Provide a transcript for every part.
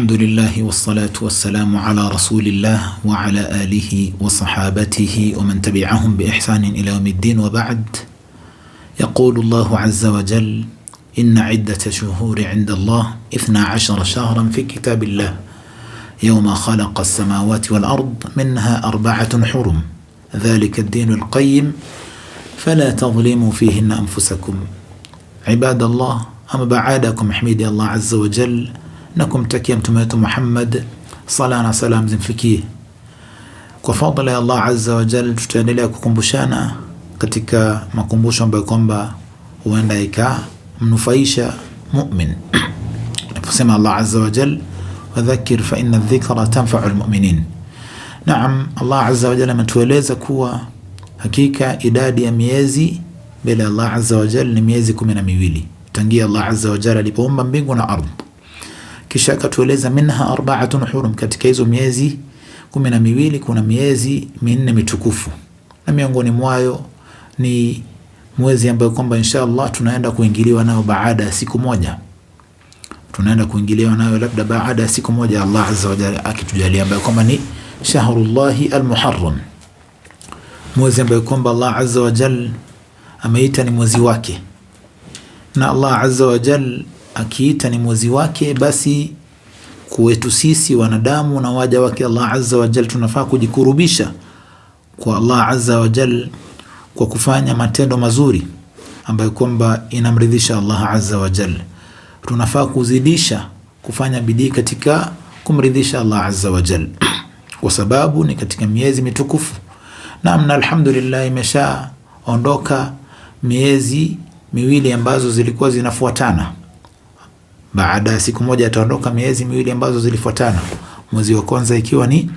الحمد لله والصلاة والسلام على رسول الله وعلى آله وصحابته ومن تبعهم بإحسان إلى يوم الدين وبعد يقول الله عز وجل إن عدة شهور عند الله إثنا عشر شهرا في كتاب الله يوم خلق السماوات والأرض منها أربعة حرم ذلك الدين القيم فلا تظلموا فيهن أنفسكم عباد الله أما بعدكم حميد الله عز وجل na kumtakia mtume wetu Muhammad sala na salam zimfikie. Kwa fadhila ya Allah azza wa jalla, tutaendelea kukumbushana katika makumbusho ambayo kwamba huenda ikamnufaisha mu'min. Tunaposema Allah azza wa jalla, wadhakkir fa inna dhikra tanfa'u almu'minin. Naam, Allah azza wa jalla ametueleza kuwa hakika idadi ya miezi mbele ya Allah azza wa jalla ni miezi kumi na miwili tangia Allah azza wa jalla alipoumba mbingu na ardhi. Kisha akatueleza minha arbaatun hurum, katika hizo miezi kumi na miwili kuna miezi minne mitukufu, na miongoni mwayo ni mwezi ambayo kwamba insha tunaenda kuingiliwa nayo baada ya siku moja, tunaenda kuingiliwa nayo labda baada ya siku moja, Allah azza wa jalla akitujalia, ambayo kwamba ni shahrullahi almuharram, mwezi ambayo kwamba Allah azza wa jalla ameita ni mwezi wake, na Allah azza wa jalla akiita ni mwezi wake, basi kwetu sisi wanadamu na waja wake Allah azza wa jalla tunafaa kujikurubisha kwa Allah azza wa jalla kwa kufanya matendo mazuri ambayo kwamba inamridhisha Allah azza wa jalla. Tunafaa kuzidisha kufanya bidii katika kumridhisha Allah azza wa jalla kwa sababu ni katika miezi mitukufu. Naam, na alhamdulillah imeshaondoka miezi miwili ambazo zilikuwa zinafuatana. Baada ya siku moja ataondoka miezi miwili ambazo zilifuatana, mwezi wa kwanza ikiwa ni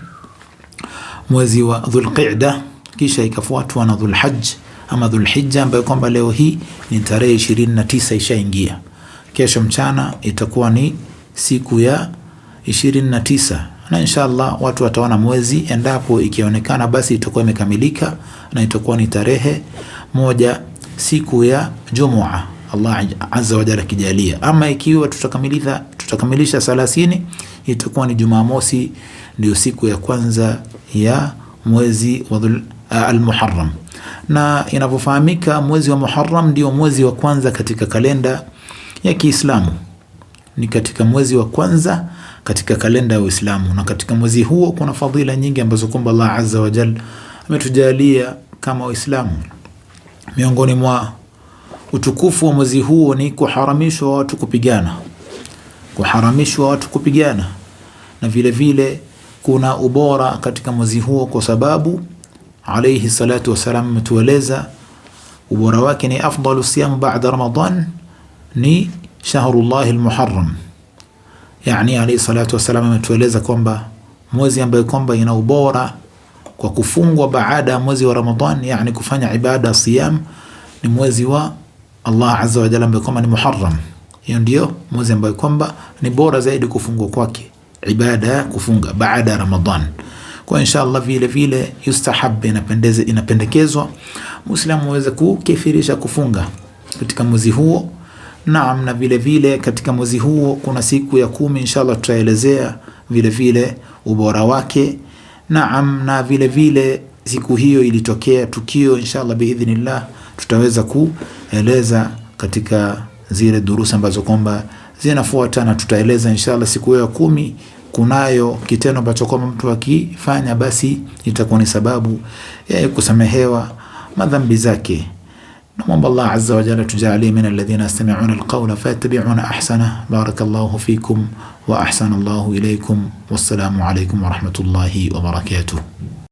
mwezi wa Dhulqa'da, kisha ikafuatwa na Dhulhajj ama Dhulhijja ambayo kwamba leo hii ni tarehe 29 ishaingia. Kesho mchana itakuwa ni siku ya 29 na inshallah watu wataona mwezi, endapo ikionekana basi itakuwa imekamilika na itakuwa ni tarehe moja siku ya Jumua. Allah azza wa jalla akijalia. Ama ikiwa tutakamilisha tutakamilisha itakuwa ni Jumamosi, ndio siku ya kwanza ya mwezi wa al-Muharram, na inavyofahamika mwezi wa Muharram ndio mwezi wa kwanza katika kalenda ya Kiislamu, ni katika mwezi wa kwanza katika kalenda ya Uislamu, na katika mwezi huo kuna fadhila nyingi ambazo kwamba Allah azza wa jalla ametujalia kama Waislamu miongoni mwa Utukufu wa mwezi huo ni kuharamishwa watu kupigana, kuharamishwa watu kupigana, na vile vile kuna ubora katika mwezi huo, kwa sababu alayhi salatu wasalam ametueleza ubora wake ni afdalu siyam ba'da Ramadan ni shahrullahi almuharram. Yani alayhi salatu wasalam ametueleza kwamba mwezi ambayo kwamba ina ubora kwa kufungwa baada ya mwezi wa Ramadan, yani kufanya ibada siyam, ni mwezi wa Allah azza wa jalla ambaye kwamba ni muharram. Hiyo ndio mwezi ambayo kwamba ni bora zaidi kufungwa kwake ibada kufunga baada ya Ramadhan. Kwa insha Allah vile vile yustahab, inapendeza inapendekezwa Muislamu aweze kukifirisha kufunga katika mwezi huo. Naam, na vile vile katika mwezi huo kuna siku ya kumi, inshallah tutaelezea vile vile ubora wake. Naam, na vile vile siku hiyo ilitokea tukio inshallah biidhnillah tutaweza kueleza katika zile durusi ambazo kwamba zinafuata, na tutaeleza inshallah siku hiyo ya kumi kunayo kitendo ambacho kwamba mtu akifanya basi itakuwa ni sababu ya kusamehewa madhambi zake. Namwomba Allah azza wa jalla tujalie min alladhina yastami'una alqawla fayattabi'una ahsana. Barakallahu fikum wa ahsana Allahu ilaykum. Wassalamu alaykum wa rahmatullahi wa barakatuh.